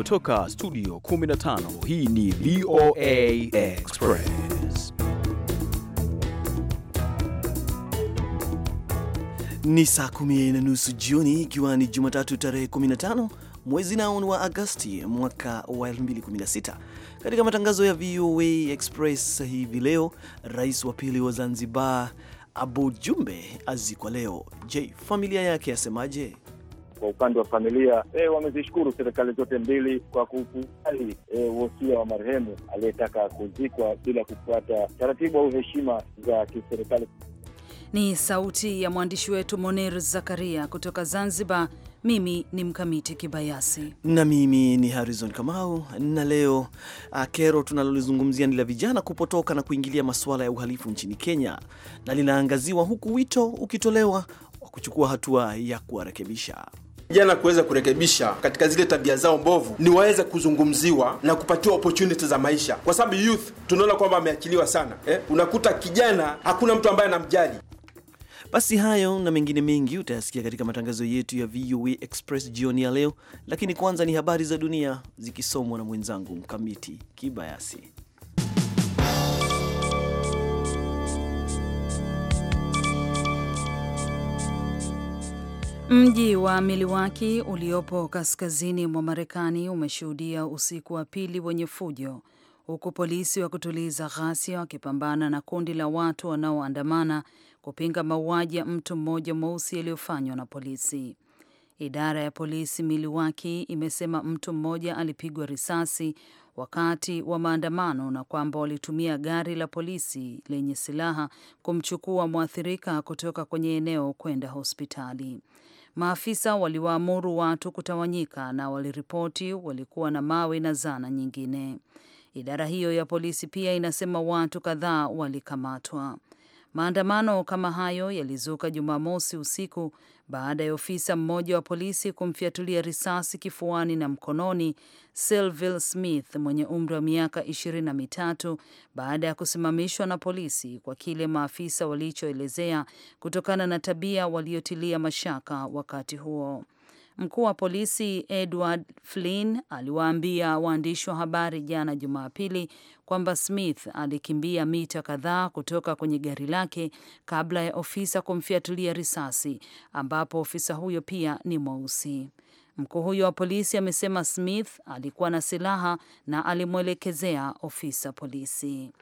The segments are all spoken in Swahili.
kutoka studio 15 hii ni VOA Express ni saa kumi na nusu jioni ikiwa ni Jumatatu tarehe 15 mwezi nao wa Agasti mwaka wa 2016. Katika matangazo ya VOA Express hivi leo, rais wa pili wa Zanzibar Abu Jumbe azikwa leo. Je, familia yake asemaje? Kwa upande wa familia e, wamezishukuru serikali zote mbili kwa kukubali e, wa marehemu aliyetaka kuzikwa bila kufuata taratibu au heshima za kiserikali. Ni sauti ya mwandishi wetu Moner Zakaria kutoka Zanzibar. Mimi ni Mkamiti Kibayasi na mimi ni Harrison Kamau. Na leo ah, kero tunalolizungumzia ni la vijana kupotoka na kuingilia masuala ya uhalifu nchini Kenya, na linaangaziwa huku wito ukitolewa wa kuchukua hatua ya kuwarekebisha vijana kuweza kurekebisha katika zile tabia zao mbovu, ni waweze kuzungumziwa na kupatiwa opportunity za maisha, kwa sababu youth tunaona kwamba ameachiliwa sana eh? Unakuta kijana hakuna mtu ambaye anamjali. Basi hayo na mengine mengi utayasikia katika matangazo yetu ya VOA Express jioni ya leo, lakini kwanza ni habari za dunia zikisomwa na mwenzangu Mkamiti Kibayasi. Mji wa Miliwaki uliopo kaskazini mwa Marekani umeshuhudia usiku wa pili wenye fujo huku polisi wa kutuliza ghasia wakipambana na kundi la watu wanaoandamana kupinga mauaji ya mtu mmoja mweusi yaliyofanywa na polisi. Idara ya polisi Miliwaki imesema mtu mmoja alipigwa risasi wakati wa maandamano na kwamba walitumia gari la polisi lenye silaha kumchukua mwathirika kutoka kwenye eneo kwenda hospitali. Maafisa waliwaamuru watu kutawanyika na waliripoti walikuwa na mawe na zana nyingine. Idara hiyo ya polisi pia inasema watu kadhaa walikamatwa. Maandamano kama hayo yalizuka Jumamosi usiku baada ya ofisa mmoja wa polisi kumfyatulia risasi kifuani na mkononi Sylville Smith mwenye umri wa miaka ishirini na mitatu baada ya kusimamishwa na polisi kwa kile maafisa walichoelezea kutokana na tabia waliotilia mashaka wakati huo. Mkuu wa polisi Edward Flynn aliwaambia waandishi wa habari jana Jumapili kwamba Smith alikimbia mita kadhaa kutoka kwenye gari lake kabla ya ofisa kumfiatulia risasi, ambapo ofisa huyo pia ni mweusi. Mkuu huyo wa polisi amesema Smith alikuwa na silaha na alimwelekezea ofisa polisi.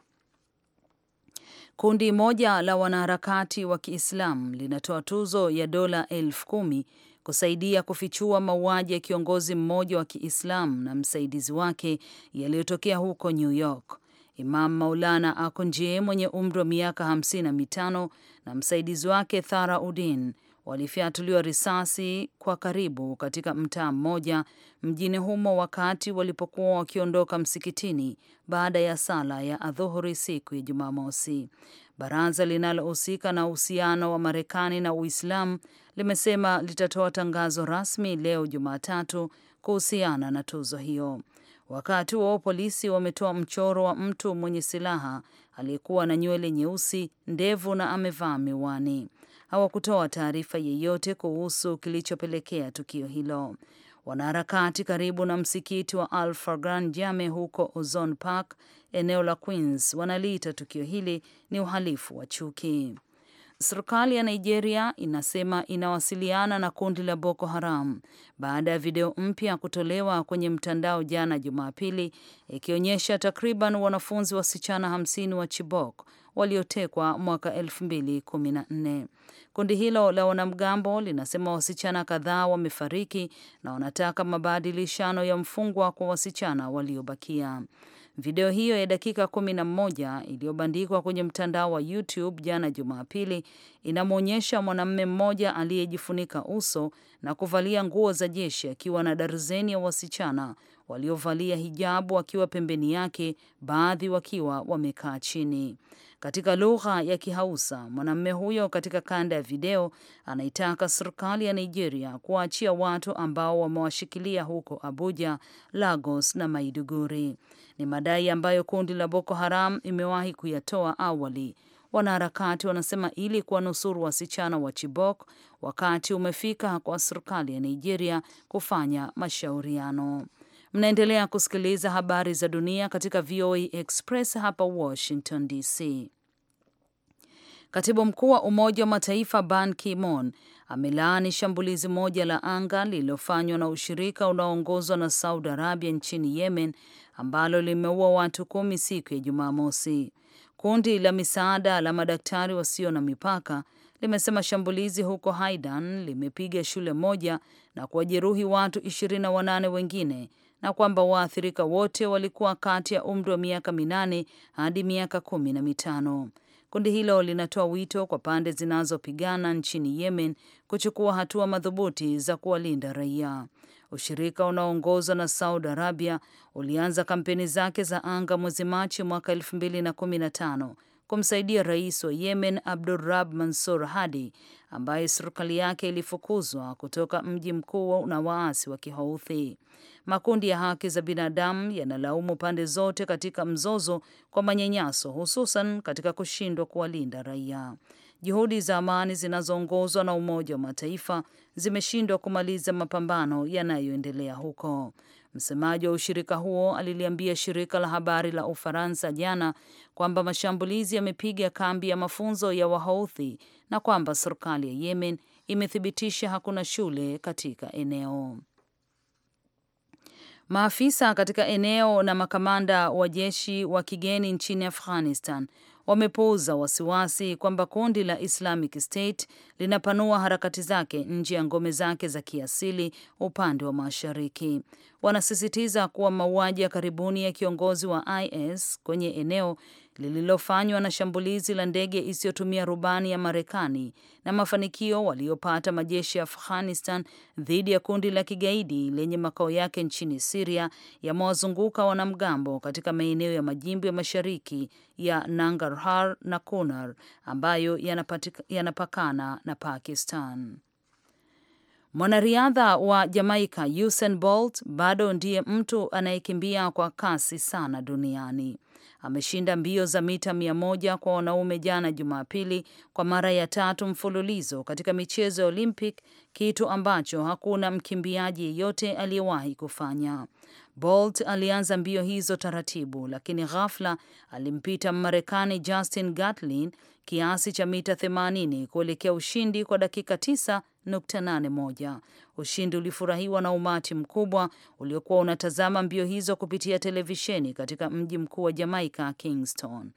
Kundi moja la wanaharakati wa Kiislamu linatoa tuzo ya dola elfu kumi kusaidia kufichua mauaji ya kiongozi mmoja wa Kiislamu na msaidizi wake yaliyotokea huko New York. Imam Maulana Akonjie mwenye umri wa miaka hamsini na mitano na msaidizi wake Thara Udin walifyatuliwa risasi kwa karibu katika mtaa mmoja mjini humo wakati walipokuwa wakiondoka msikitini baada ya sala ya adhuhuri siku ya Jumamosi. Baraza linalohusika na uhusiano wa Marekani na Uislamu limesema litatoa tangazo rasmi leo Jumatatu kuhusiana na tuzo hiyo. Wakati huo polisi wametoa mchoro wa mtu mwenye silaha aliyekuwa na nywele nyeusi ndevu na amevaa miwani hawakutoa taarifa yeyote kuhusu kilichopelekea tukio hilo. Wanaharakati karibu na msikiti wa Al Fargan Jame huko Ozone Park, eneo la Queens, wanaliita tukio hili ni uhalifu wa chuki. Serikali ya Nigeria inasema inawasiliana na kundi la Boko Haram baada ya video mpya kutolewa kwenye mtandao jana Jumapili, ikionyesha takriban wanafunzi wasichana hamsini wa Chibok waliotekwa mwaka elfu Kundi hilo la wanamgambo linasema wasichana kadhaa wamefariki na wanataka mabadilishano ya mfungwa kwa wasichana waliobakia. Video hiyo ya dakika 11 iliyobandikwa kwenye mtandao wa YouTube jana Jumapili inamwonyesha mwanamume mmoja aliyejifunika uso na kuvalia nguo za jeshi akiwa na darzeni ya wasichana waliovalia hijabu wakiwa pembeni yake, baadhi wakiwa wamekaa chini katika lugha ya Kihausa. Mwanamume huyo katika kanda ya video anaitaka serikali ya Nigeria kuwaachia watu ambao wamewashikilia huko Abuja, Lagos na Maiduguri. Ni madai ambayo kundi la Boko Haram imewahi kuyatoa awali. Wanaharakati wanasema ili kuwanusuru wasichana wa Chibok, wakati umefika kwa serikali ya Nigeria kufanya mashauriano. Mnaendelea kusikiliza habari za dunia katika VOA Express hapa Washington DC. Katibu mkuu wa Umoja wa Mataifa Ban Ki-moon amelaani shambulizi moja la anga lililofanywa na ushirika unaoongozwa na Saudi Arabia nchini Yemen ambalo limeua watu kumi siku ya Jumamosi. Kundi la misaada la Madaktari Wasio na Mipaka limesema shambulizi huko Haidan limepiga shule moja na kuwajeruhi watu wanane wengine na kwamba waathirika wote walikuwa kati ya umri wa miaka minane hadi miaka kumi na mitano. Kundi hilo linatoa wito kwa pande zinazopigana nchini Yemen kuchukua hatua madhubuti za kuwalinda raia. Ushirika unaoongozwa na Saudi Arabia ulianza kampeni zake za anga mwezi Machi mwaka na na kumi tano kumsaidia rais wa Yemen abdurab Mansur Hadi ambaye serikali yake ilifukuzwa kutoka mji mkuu na waasi wa Kihouthi. Makundi ya haki za binadamu yanalaumu pande zote katika mzozo kwa manyanyaso, hususan katika kushindwa kuwalinda raia. Juhudi za amani zinazoongozwa na Umoja wa Mataifa zimeshindwa kumaliza mapambano yanayoendelea huko. Msemaji wa ushirika huo aliliambia shirika la habari la Ufaransa jana kwamba mashambulizi yamepiga kambi ya mafunzo ya Wahouthi na kwamba serikali ya Yemen imethibitisha hakuna shule katika eneo. Maafisa katika eneo na makamanda wa jeshi wa kigeni nchini Afghanistan wamepuuza wasiwasi kwamba kundi la Islamic State linapanua harakati zake nje ya ngome zake za kiasili upande wa mashariki. Wanasisitiza kuwa mauaji ya karibuni ya kiongozi wa IS kwenye eneo lililofanywa na shambulizi la ndege isiyotumia rubani ya Marekani na mafanikio waliyopata majeshi ya Afghanistan dhidi ya kundi la kigaidi lenye makao yake nchini Siria yamewazunguka wanamgambo katika maeneo ya majimbo ya mashariki ya Nangarhar na Kunar ambayo yanapakana na Pakistan. Mwanariadha wa Jamaika Usain Bolt bado ndiye mtu anayekimbia kwa kasi sana duniani ameshinda mbio za mita mia moja kwa wanaume jana Jumapili kwa mara ya tatu mfululizo katika michezo ya Olympic, kitu ambacho hakuna mkimbiaji yeyote aliyewahi kufanya. Bolt alianza mbio hizo taratibu, lakini ghafla alimpita Mmarekani Justin Gatlin kiasi cha mita 80 kuelekea ushindi kwa dakika 9.81. Ushindi ulifurahiwa na umati mkubwa uliokuwa unatazama mbio hizo kupitia televisheni katika mji mkuu wa Jamaika katika Kingston.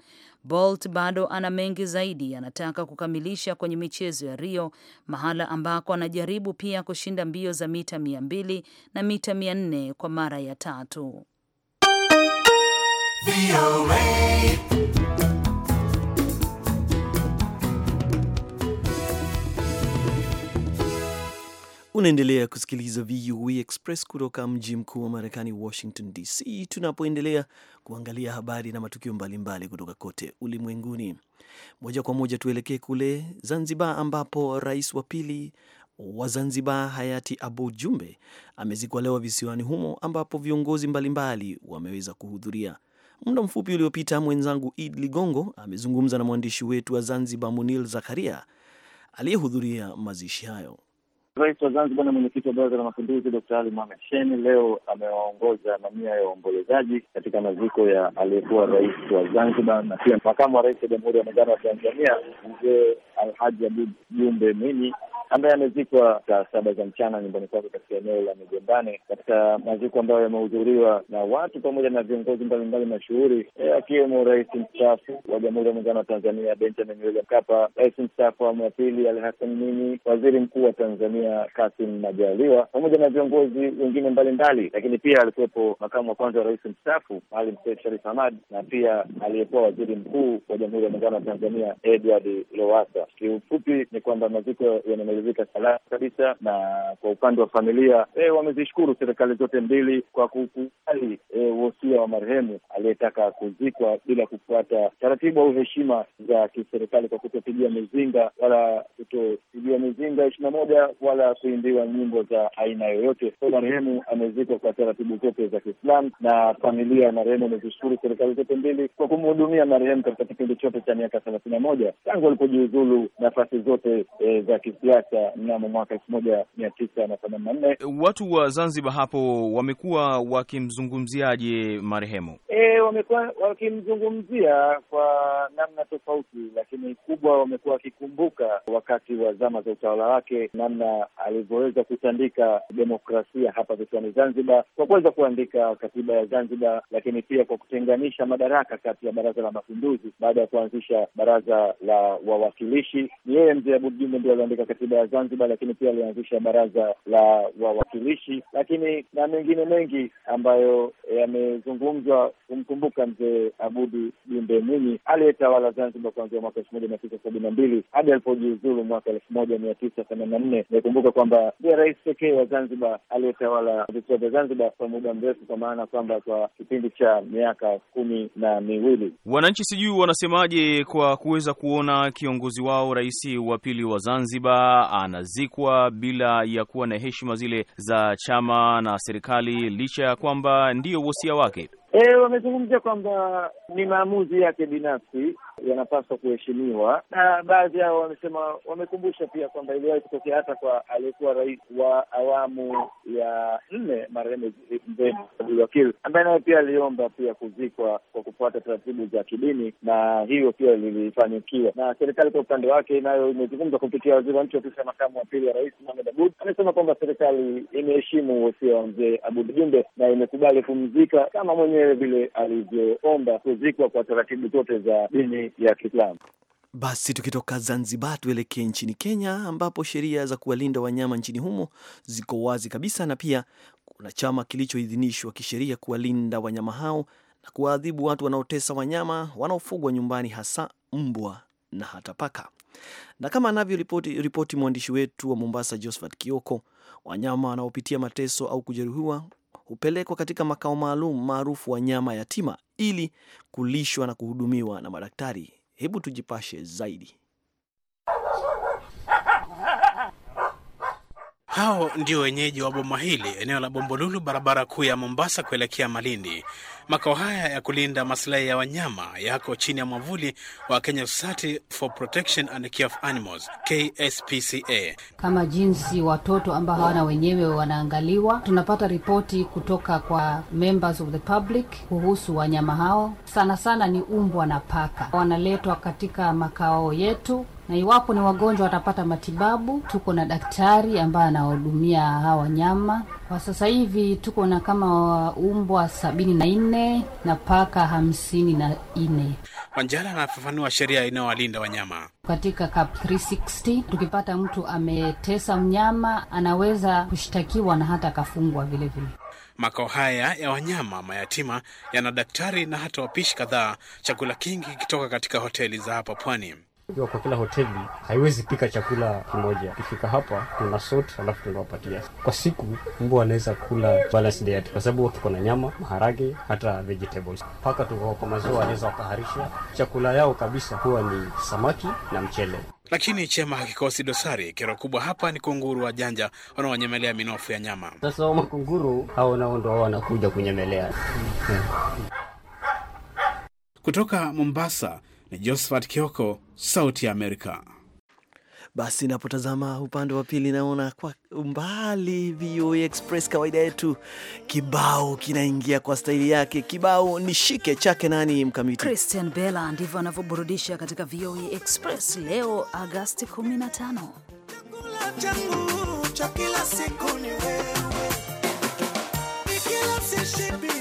Bolt bado ana mengi zaidi anataka kukamilisha kwenye michezo ya Rio, mahala ambako anajaribu pia kushinda mbio za mita mbili na mita nne kwa mara ya tatu. Unaendelea kusikiliza VOA e Express kutoka mji mkuu wa Marekani, Washington DC, tunapoendelea kuangalia habari na matukio mbalimbali kutoka kote ulimwenguni. Moja kwa moja tuelekee kule Zanzibar, ambapo rais wa pili wa Zanzibar hayati Abu Jumbe amezikwa leo visiwani humo, ambapo viongozi mbalimbali wameweza kuhudhuria. Muda mfupi uliopita, mwenzangu Id Ligongo amezungumza na mwandishi wetu wa Zanzibar, Munil Zakaria, aliyehudhuria mazishi hayo. Rais wa Zanzibar na mwenyekiti wa Baraza la Mapinduzi Dkt Ali Mohamed Shein leo amewaongoza mamia ya waombolezaji katika maziko ya aliyekuwa rais wa Zanzibar na pia makamu wa rais wa Jamhuri ya Muungano wa Tanzania Mzee Alhaji Abud Jumbe Mwinyi ambaye amezikwa saa saba za mchana nyumbani kwake katika eneo la Migombani katika maziko ambayo yamehudhuriwa na watu pamoja na viongozi mbalimbali mashuhuri e, akiwemo rais mstaafu wa Jamhuri ya Muungano wa Tanzania Benjamin William Mkapa, rais mstaafu wa awamu ya pili Ali Hassan Mwinyi, waziri mkuu wa Tanzania Samia Kasim Majaliwa pamoja na viongozi wengine mbalimbali, lakini pia alikuwepo makamu wa kwanza wa rais mstaafu Maalim Seif Sharif Hamad na pia aliyekuwa waziri mkuu wa Jamhuri ya Muungano wa Tanzania Edward lowasa Kiufupi ni kwamba maziko yanamalizika salama kabisa, na kwa upande wa familia e, wamezishukuru serikali zote mbili kwa kukubali e, wosia e, wa marehemu aliyetaka kuzikwa bila kufuata taratibu au heshima za kiserikali kwa kutopigia mizinga wala kutopigia mizinga ishirini na moja wa wala kuimbiwa nyimbo za aina yoyote. Marehemu amezikwa kwa taratibu zote za Kiislamu na familia ya marehemu amezishukuru serikali zote mbili kwa kumhudumia marehemu katika kipindi chote cha miaka thelathini na moja tangu alipojiuzulu nafasi zote e, za kisiasa mnamo mwaka elfu moja mia tisa na themanini na nne. Watu wa Zanzibar hapo wamekuwa wakimzungumziaje marehemu? E, wamekuwa wakimzungumzia kwa namna tofauti, lakini kubwa wamekuwa wakikumbuka wakati wa zama za utawala wake namna alivyoweza kutandika demokrasia hapa visiwani Zanzibar kwa kuweza kuandika katiba ya Zanzibar, lakini pia kwa kutenganisha madaraka kati ya baraza la mapinduzi baada ya kuanzisha baraza la wawakilishi. Ni yeye mzee Abud Jumbe ndio aliandika katiba ya Zanzibar, lakini pia alianzisha baraza la wawakilishi, lakini na mengine mengi ambayo yamezungumzwa kumkumbuka mzee abudu Jumbe Mwinyi aliyetawala Zanzibar kuanzia mwaka elfu moja mia tisa sabini na mbili hadi alipojiuzulu mwaka elfu moja mia tisa themanini na nne Kumbuka kwamba ndiye rais pekee wa Zanzibar aliyetawala visiwa vya Zanzibar kwa muda mrefu, kwa maana kwamba kwa kipindi cha miaka kumi na miwili. Wananchi sijui wanasemaje kwa kuweza kuona kiongozi wao, rais wa pili wa Zanzibar, anazikwa bila ya kuwa na heshima zile za chama na serikali, licha ya kwamba ndiyo wosia wake. E, wamezungumzia kwamba ni maamuzi yake binafsi yanapaswa kuheshimiwa, na baadhi yao wamesema, wamekumbusha pia kwamba iliwahi kutokea hata kwa aliyekuwa rais wa awamu ya nne marehemu Mzee Abdul Wakil ambaye naye pia aliomba pia kuzikwa kwa kufuata taratibu za kidini, na hiyo pia lilifanikiwa. Na serikali kwa upande wake nayo imezungumza kupitia waziri wa nchi ofisi ya makamu wa pili ya rais Mohamed Abud, amesema kwamba serikali imeheshimu wosia wa Mzee Abud Jumbe na imekubali kumzika kama mwenyewe vile alivyoomba kuzikwa kwa taratibu zote za dini ya Kiislamu. Basi tukitoka Zanzibar tuelekee nchini Kenya, ambapo sheria za kuwalinda wanyama nchini humo ziko wazi kabisa, na pia kuna chama kilichoidhinishwa kisheria kuwalinda wanyama hao na kuwaadhibu watu wanaotesa wanyama wanaofugwa nyumbani, hasa mbwa na hata paka. Na kama anavyoripoti ripoti mwandishi wetu wa Mombasa, Josephat Kioko, wanyama wanaopitia mateso au kujeruhiwa hupelekwa katika makao maalum maarufu wa nyama yatima ili kulishwa na kuhudumiwa na madaktari. Hebu tujipashe zaidi. Hao ndio wenyeji wa boma hili eneo la Bombolulu, barabara kuu ya Mombasa kuelekea Malindi. Makao haya ya kulinda masilahi ya wanyama yako chini ya mwavuli wa Kenya Society for Protection and Care of Animals, KSPCA. Kama jinsi watoto ambao hawana wenyewe wanaangaliwa, tunapata ripoti kutoka kwa members of the public kuhusu wanyama hao, sana sana ni umbwa na paka, wanaletwa katika makao yetu na iwapo ni wagonjwa watapata matibabu. Tuko na daktari ambaye anawahudumia hawa wanyama. Kwa sasa hivi tuko na kama umbwa sabini na nne na paka hamsini na nne. Wanjala anafafanua sheria inayowalinda wanyama katika CAP 360. Tukipata mtu ametesa mnyama anaweza kushtakiwa na hata akafungwa vilevile. Makao haya ya wanyama mayatima yana daktari na hata wapishi kadhaa, chakula kingi kikitoka katika hoteli za hapa pwani. Ukiwa kwa kila hoteli haiwezi pika chakula kimoja. Ukifika hapa tuna sort, alafu tunawapatia kwa siku. Mbwa anaweza kula balanced diet kwa sababu tuko na nyama, maharage, hata vegetables. Paka tuko kwa maziwa, anaweza wakaharisha. Chakula yao kabisa huwa ni samaki na mchele. Lakini chema hakikosi dosari. Kero kubwa hapa ni kunguru wa janja wanaonyemelea minofu ya nyama. Sasa wa makunguru hao nao ndio wanakuja kunyemelea kutoka Mombasa. Ni Josephat Kioko, Sauti ya Amerika. Basi napotazama upande wa pili naona kwa umbali VOA Express, kawaida yetu, kibao kinaingia kwa staili yake. Kibao ni shike chake nani mkamiti Christian Bella, ndivyo anavyoburudisha katika VOA Express leo Agasti 15. Chakula changu cha kila siku ni wewe, sishibi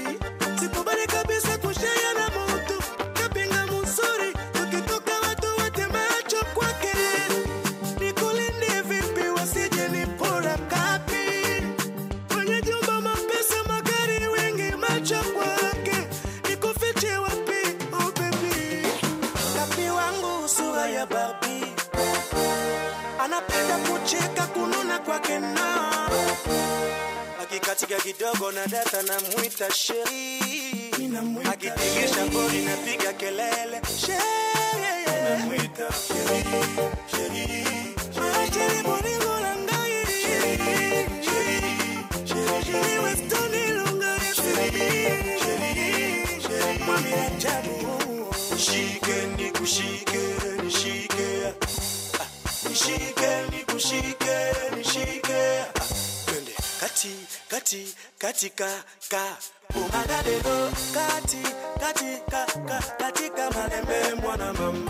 mdogo na data namwita sheri akitingisha ngori napiga kelele Shikeni kushike kati kati ka ka umagadego kati katika ka katika malembe mwana mama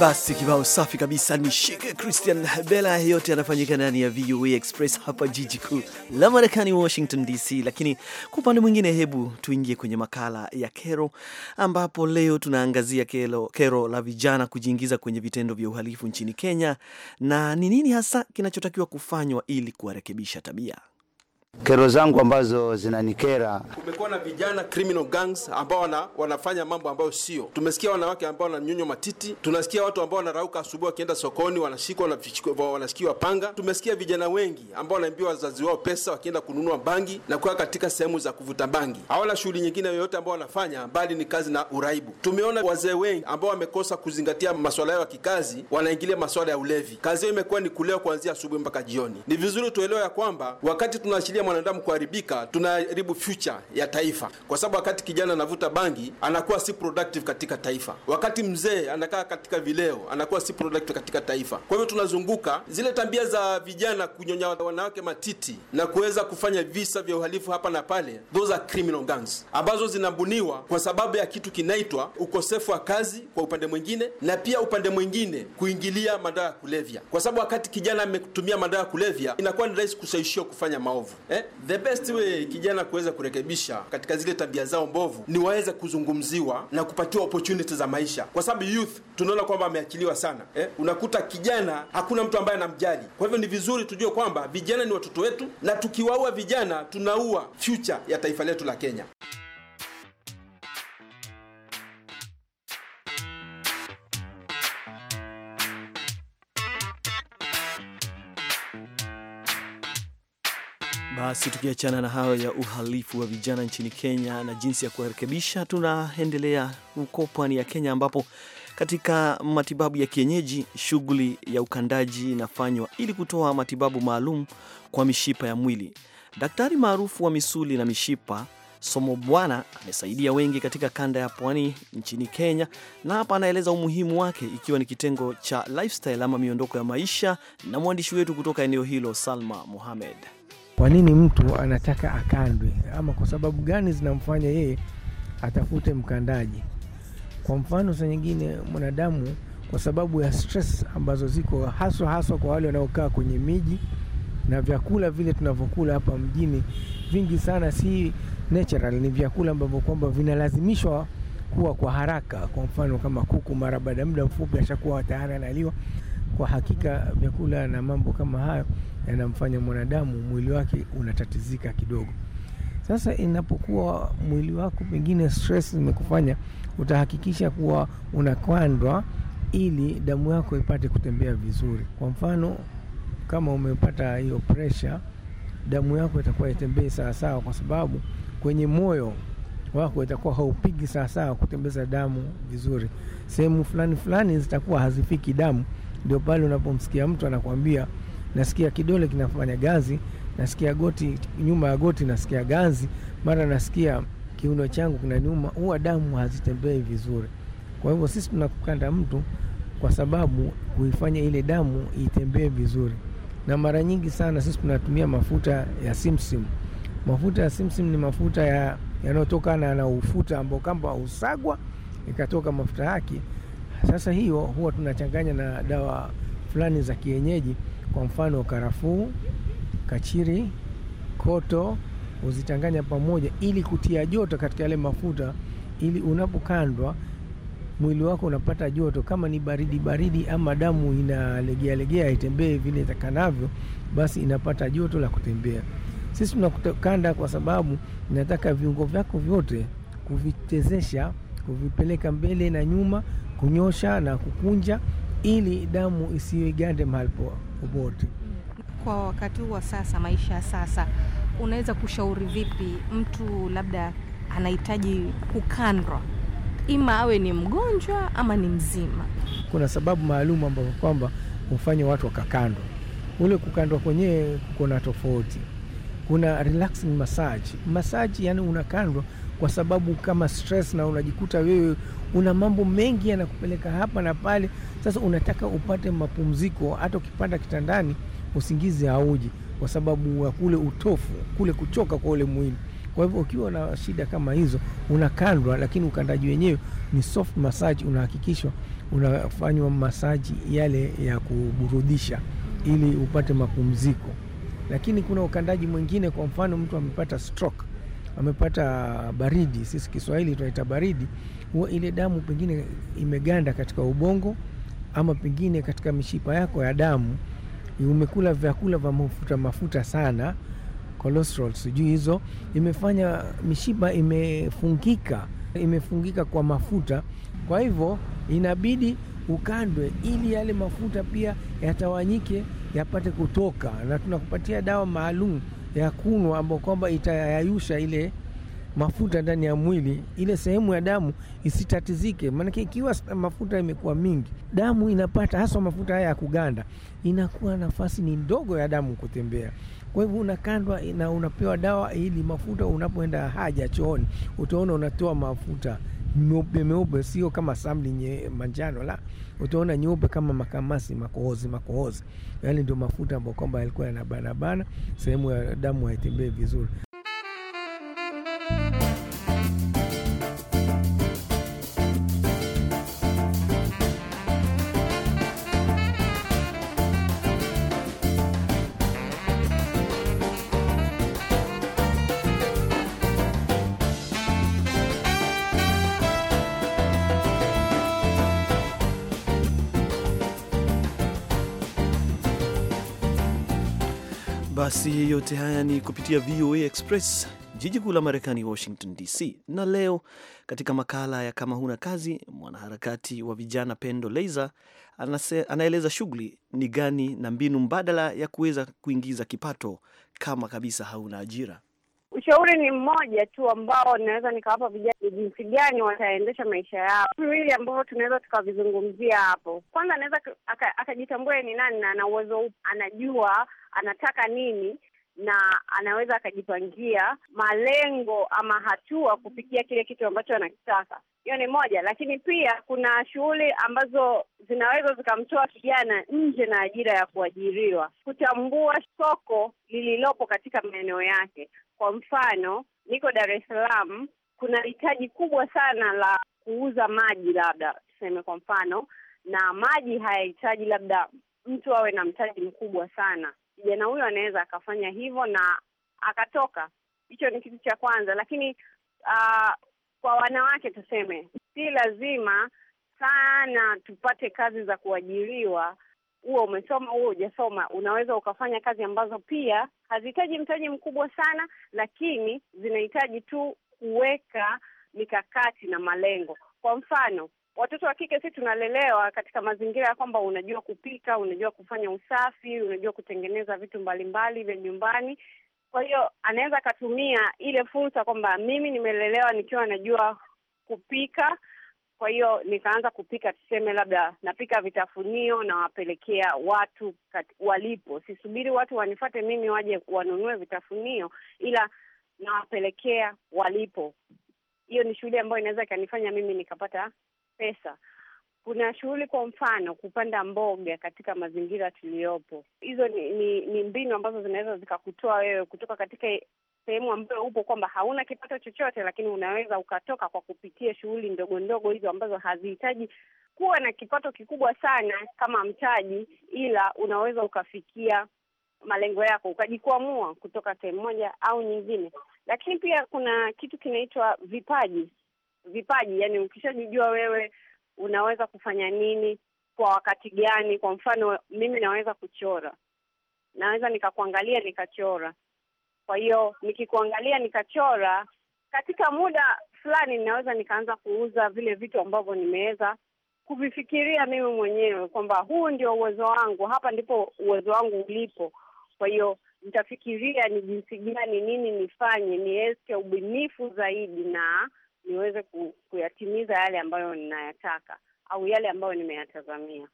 Basi kibao safi kabisa ni shike Christian Bella. Yote yanafanyika ndani ya VOA Express hapa jiji kuu la Marekani, Washington DC. Lakini kwa upande mwingine, hebu tuingie kwenye makala ya kero, ambapo leo tunaangazia kero, kero la vijana kujiingiza kwenye vitendo vya uhalifu nchini Kenya, na ni nini hasa kinachotakiwa kufanywa ili kuwarekebisha tabia. Kero zangu ambazo zinanikera, kumekuwa na vijana criminal gangs ambao wana, wanafanya mambo ambayo sio. Tumesikia wanawake ambao wananyonywa matiti, tunasikia watu ambao wanarauka asubuhi wakienda sokoni wanashikwa, wanashikiwa panga. Tumesikia vijana wengi ambao wanaambiwa wazazi wao pesa wakienda kununua bangi na kuwa katika sehemu za kuvuta bangi. Hawana shughuli nyingine yoyote ambao wanafanya bali ni kazi na uraibu. Tumeona wazee wengi ambao wamekosa kuzingatia masuala yao ya kikazi, wanaingilia masuala ya ulevi. Kazi yao imekuwa ni kulewa kuanzia asubuhi mpaka jioni. Ni vizuri tuelewe ya kwamba wakati tunaachilia mwanadamu kuharibika, tunaharibu future ya taifa, kwa sababu wakati kijana anavuta bangi anakuwa si productive katika taifa, wakati mzee anakaa katika vileo anakuwa si productive katika taifa. Kwa hivyo tunazunguka zile tabia za vijana kunyonya wanawake matiti na kuweza kufanya visa vya uhalifu hapa na pale, those are criminal gangs ambazo zinabuniwa kwa sababu ya kitu kinaitwa ukosefu wa kazi kwa upande mwingine, na pia upande mwingine kuingilia madawa ya kulevya, kwa sababu wakati kijana ametumia madawa ya kulevya inakuwa ni rahisi kushawishiwa kufanya maovu eh? The best way kijana kuweza kurekebisha katika zile tabia zao mbovu ni waweze kuzungumziwa na kupatiwa opportunity za maisha, kwa sababu youth tunaona kwamba ameachiliwa sana eh? Unakuta kijana hakuna mtu ambaye anamjali. Kwa hivyo ni vizuri tujue kwamba vijana ni watoto wetu, na tukiwaua vijana tunaua future ya taifa letu la Kenya. Basi tukiachana na hayo ya uhalifu wa vijana nchini Kenya na jinsi ya kuwarekebisha, tunaendelea huko pwani ya Kenya ambapo katika matibabu ya kienyeji shughuli ya ukandaji inafanywa ili kutoa matibabu maalum kwa mishipa ya mwili. Daktari maarufu wa misuli na mishipa Somo Bwana amesaidia wengi katika kanda ya pwani nchini Kenya, na hapa anaeleza umuhimu wake, ikiwa ni kitengo cha lifestyle ama miondoko ya maisha, na mwandishi wetu kutoka eneo hilo Salma Mohamed. Kwa nini mtu anataka akandwe, ama kwa sababu gani zinamfanya yeye atafute mkandaji? Kwa mfano, sa nyingine mwanadamu kwa sababu ya stress ambazo ziko haswa haswa kwa wale wanaokaa kwenye miji na vyakula vile tunavyokula hapa mjini vingi sana si natural, ni vyakula ambavyo kwamba vinalazimishwa kuwa kwa haraka. Kwa mfano kama kuku, mara baada ya muda mfupi ashakuwa tayari analiwa. Kwa hakika vyakula na mambo kama hayo yanamfanya mwanadamu mwili wake unatatizika kidogo. Sasa inapokuwa mwili wako pengine stress zimekufanya, utahakikisha kuwa unakwandwa ili damu yako ipate kutembea vizuri. Kwa mfano, kama umepata hiyo pressure, damu yako itakuwa itembee sawasawa, kwa sababu kwenye moyo wako itakuwa haupigi sawasawa kutembeza damu vizuri. Sehemu fulani fulani zitakuwa hazifiki damu, ndio pale unapomsikia mtu anakuambia nasikia kidole kinafanya gazi, nasikia goti, nyuma ya goti nasikia gazi, mara nasikia kiuno changu kina nyuma Huwa damu hazitembei vizuri. Kwa hivyo sisi tunakukanda mtu kwa sababu kuifanya ile damu itembee vizuri, na mara nyingi sana sisi tunatumia mafuta ya simsim. Mafuta ya simsim ni mafuta yanayotokana ya na ufuta ambao kamba usagwa ikatoka mafuta yake. Sasa hiyo huwa tunachanganya na dawa fulani za kienyeji kwa mfano karafuu, kachiri, koto uzitanganya pamoja ili kutia joto katika yale mafuta, ili unapokandwa mwili wako unapata joto. Kama ni baridi baridi ama damu inalegea legea, itembee vile itakanavyo, basi inapata joto la kutembea. Sisi tunakanda kwa sababu nataka viungo vyako vyote kuvichezesha, kuvipeleka mbele na nyuma, kunyosha na kukunja ili damu isiigande mahali popote. Kwa wakati huu wa sasa, maisha ya sasa, unaweza kushauri vipi mtu labda anahitaji kukandwa, ima awe ni mgonjwa ama ni mzima? Kuna sababu maalum ambapo kwamba hufanya watu wakakandwa. Ule kukandwa kwenyewe kuko na tofauti. Kuna relaxing massage. Massage yani unakandwa kwa sababu kama stress, na unajikuta wewe una mambo mengi yanakupeleka hapa na pale. Sasa unataka upate mapumziko, hata ukipanda kitandani usingizi hauji kwa sababu ya kule utofu, kule kuchoka kwa ule mwili. Kwa hivyo ukiwa na shida kama hizo unakandwa, lakini ukandaji wenyewe ni soft massage, unahakikishwa unafanywa masaji yale ya kuburudisha ili upate mapumziko. Lakini kuna ukandaji mwingine, kwa mfano mtu amepata stroke, amepata baridi, sisi Kiswahili tunaita baridi huwa ile damu pengine imeganda katika ubongo ama pengine katika mishipa yako ya damu, umekula vyakula vya mafuta mafuta sana, cholesterol sijui hizo, imefanya mishipa imefungika, imefungika kwa mafuta. Kwa hivyo inabidi ukandwe ili yale mafuta pia yatawanyike, yapate kutoka, na tunakupatia dawa maalum ya kunwa ambao kwamba itayayusha ile mafuta ndani ya mwili, ile sehemu ya damu isitatizike. Maanake ikiwa mafuta imekuwa mingi, damu inapata haswa mafuta haya ya kuganda, inakuwa nafasi ni ndogo ya damu kutembea. Kwa hivyo unakandwa na unapewa dawa ili mafuta, unapoenda haja chooni, utaona unatoa mafuta meupe meupe, sio kama samli nye manjano, la utaona nyeupe kama makamasi, makohozi makohozi. yani ndio mafuta ambayo kwamba yalikuwa yanabanabana sehemu ya damu haitembei vizuri. yote haya ni kupitia VOA Express, jiji kuu la Marekani, Washington DC. Na leo katika makala ya kama huna kazi, mwanaharakati wa vijana Pendo Leiza anaeleza shughuli ni gani na mbinu mbadala ya kuweza kuingiza kipato kama kabisa hauna ajira. Ushauri ni mmoja tu ambao ninaweza nikawapa vijana ni jinsi gani wataendesha maisha yao, viwili ambavyo tunaweza tukavizungumzia hapo. Kwanza anaweza akajitambua ni nani na ana uwezo, anajua anataka nini, na anaweza akajipangia malengo ama hatua kufikia kile kitu ambacho anakitaka. Hiyo ni moja, lakini pia kuna shughuli ambazo zinaweza zikamtoa kijana nje na ajira ya kuajiriwa, kutambua soko lililopo katika maeneo yake. Kwa mfano, niko Dar es Salaam, kuna hitaji kubwa sana la kuuza maji, labda tuseme kwa mfano, na maji hayahitaji labda mtu awe na mtaji mkubwa sana kijana huyo anaweza akafanya hivyo na akatoka. Hicho ni kitu cha kwanza, lakini uh, kwa wanawake tuseme, si lazima sana tupate kazi za kuajiriwa. Huo umesoma huo hujasoma, unaweza ukafanya kazi ambazo pia hazihitaji mtaji mkubwa sana, lakini zinahitaji tu kuweka mikakati na malengo. Kwa mfano, watoto wa kike, si tunalelewa katika mazingira ya kwamba unajua kupika, unajua kufanya usafi, unajua kutengeneza vitu mbalimbali vya nyumbani. Kwa hiyo anaweza akatumia ile fursa kwamba mimi nimelelewa nikiwa najua kupika, kwa hiyo nikaanza kupika, tuseme labda napika vitafunio, nawapelekea watu walipo. Sisubiri watu wanifate mimi waje wanunue vitafunio, ila nawapelekea walipo. Hiyo ni shughuli ambayo inaweza ikanifanya mimi nikapata pesa. Kuna shughuli, kwa mfano, kupanda mboga katika mazingira tuliyopo. Hizo ni, ni, ni mbinu ambazo zinaweza zikakutoa wewe kutoka katika sehemu ambayo upo kwamba hauna kipato chochote, lakini unaweza ukatoka kwa kupitia shughuli ndogo ndogo hizo ambazo hazihitaji kuwa na kipato kikubwa sana kama mtaji, ila unaweza ukafikia malengo yako ukajikwamua kutoka sehemu moja au nyingine. Lakini pia kuna kitu kinaitwa vipaji vipaji, yani ukishajijua wewe unaweza kufanya nini kwa wakati gani. Kwa mfano mimi naweza kuchora, naweza nikakuangalia nikachora. Kwa hiyo nikikuangalia nikachora, katika muda fulani ninaweza nikaanza kuuza vile vitu ambavyo nimeweza kuvifikiria mimi mwenyewe kwamba huu ndio uwezo wangu, hapa ndipo uwezo wangu ulipo. Kwa hiyo nitafikiria ni jinsi gani, nini nifanye niweke ubunifu zaidi na niweze ku, kuyatimiza yale ambayo ninayataka au yale ambayo nimeyatazamia.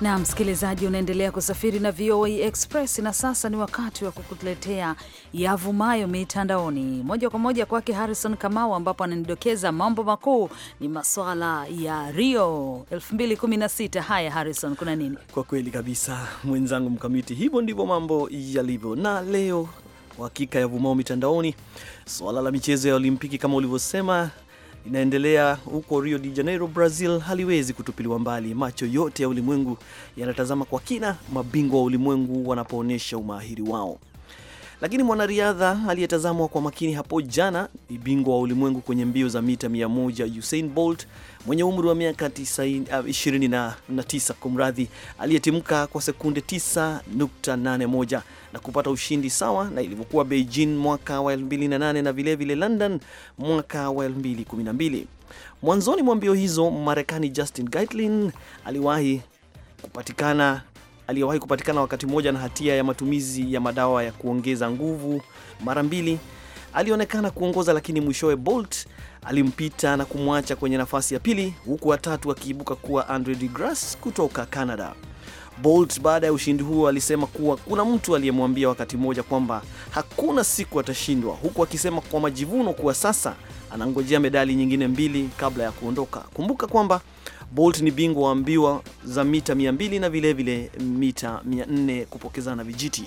na msikilizaji, unaendelea kusafiri na VOA Express na sasa ni wakati wa kukuletea yavumayo mitandaoni moja kwa moja kwake Harrison Kamau, ambapo ananidokeza mambo makuu ni maswala ya Rio 2016. Haya Harrison, kuna nini? Kwa kweli kabisa mwenzangu Mkamiti, hivyo ndivyo mambo yalivyo, na leo hakika yavumao mitandaoni, swala la michezo ya Olimpiki kama ulivyosema inaendelea huko Rio de Janeiro, Brazil, haliwezi kutupiliwa mbali. Macho yote ya ulimwengu yanatazama kwa kina mabingwa wa ulimwengu wanapoonyesha umahiri wao. Lakini mwanariadha aliyetazamwa kwa makini hapo jana ni bingwa wa ulimwengu kwenye mbio za mita 100 Usain Bolt mwenye umri wa miaka 29 uh, kumradhi, aliyetimka kwa sekunde 9.81 na kupata ushindi sawa na ilivyokuwa Beijing mwaka wa 2008 na vilevile London mwaka wa 2012. Mwanzoni mwa mbio hizo Marekani Justin Gatlin aliwahi kupatikana aliyewahi kupatikana wakati mmoja na hatia ya matumizi ya madawa ya kuongeza nguvu mara mbili alionekana kuongoza, lakini mwishowe Bolt alimpita na kumwacha kwenye nafasi ya pili, huku watatu akiibuka kuwa Andre de Grasse kutoka Canada. Bolt baada ya ushindi huo alisema kuwa kuna mtu aliyemwambia wakati mmoja kwamba hakuna siku atashindwa, huku akisema kwa majivuno kuwa sasa anangojea medali nyingine mbili kabla ya kuondoka. Kumbuka kwamba Bolt ni bingwa wa mbio za mita 200 na vilevile vile mita 400 kupokezana vijiti.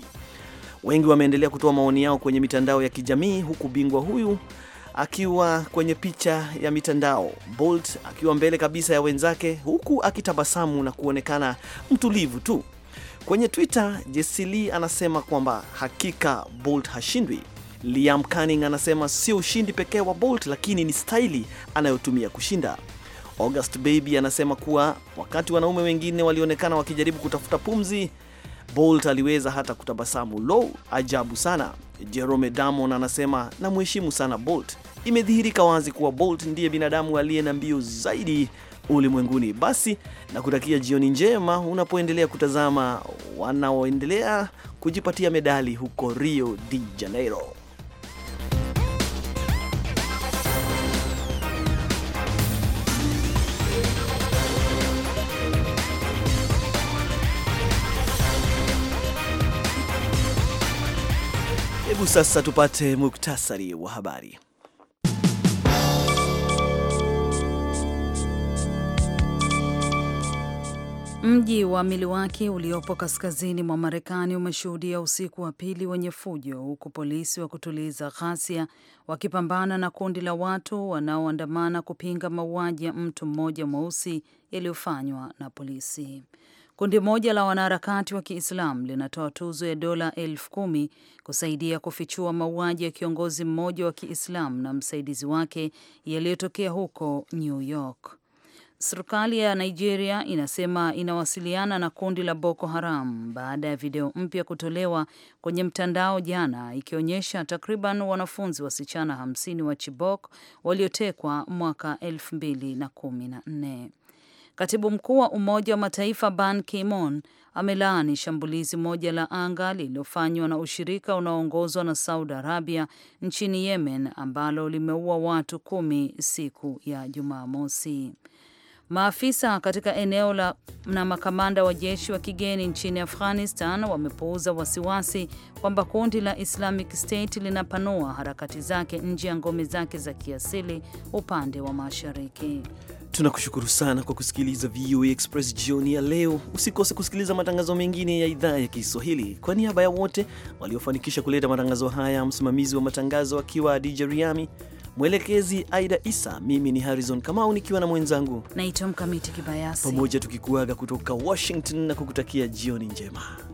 Wengi wameendelea kutoa maoni yao kwenye mitandao ya kijamii, huku bingwa huyu akiwa kwenye picha ya mitandao, Bolt akiwa mbele kabisa ya wenzake, huku akitabasamu na kuonekana mtulivu tu. Kwenye Twitter, Jesili anasema kwamba hakika Bolt hashindwi. Liam Canning anasema sio ushindi pekee wa Bolt, lakini ni staili anayotumia kushinda. August Baby anasema kuwa wakati wanaume wengine walionekana wakijaribu kutafuta pumzi, Bolt aliweza hata kutabasamu. Lo, ajabu sana. Jerome Damon anasema namheshimu sana Bolt. Imedhihirika wazi kuwa Bolt ndiye binadamu aliye na mbio zaidi ulimwenguni. Basi na kutakia jioni njema unapoendelea kutazama wanaoendelea kujipatia medali huko Rio de Janeiro. Hebu sasa tupate muktasari wa habari. Mji wa Miliwaki uliopo kaskazini mwa Marekani umeshuhudia usiku wa pili wenye fujo huku polisi wa kutuliza ghasia wakipambana na kundi la watu wanaoandamana kupinga mauaji ya mtu mmoja mweusi yaliyofanywa na polisi. Kundi moja la wanaharakati wa Kiislamu linatoa tuzo ya dola elfu kumi kusaidia kufichua mauaji ya kiongozi mmoja wa Kiislamu na msaidizi wake yaliyotokea huko New York. Serikali ya Nigeria inasema inawasiliana na kundi la Boko Haram baada ya video mpya kutolewa kwenye mtandao jana ikionyesha takriban wanafunzi wasichana hamsini wa Chibok waliotekwa mwaka elfu mbili na kumi na nne. Katibu mkuu wa Umoja wa Mataifa Ban Ki-moon amelaani shambulizi moja la anga lililofanywa na ushirika unaoongozwa na Saudi Arabia nchini Yemen ambalo limeua watu kumi siku ya Jumamosi. Maafisa katika eneo la na makamanda wa jeshi wa kigeni nchini Afghanistan wamepuuza wasiwasi kwamba kundi la Islamic State linapanua harakati zake nje ya ngome zake za kiasili upande wa mashariki. Tunakushukuru sana kwa kusikiliza VOA Express jioni ya leo. Usikose kusikiliza matangazo mengine ya idhaa ya Kiswahili. Kwa niaba ya wote waliofanikisha kuleta matangazo haya, msimamizi wa matangazo akiwa Adija Riami, mwelekezi Aida Isa, mimi ni Harrison Kamau nikiwa na mwenzangu naitwa Mkamiti Kibayasi, pamoja tukikuaga kutoka Washington na kukutakia jioni njema.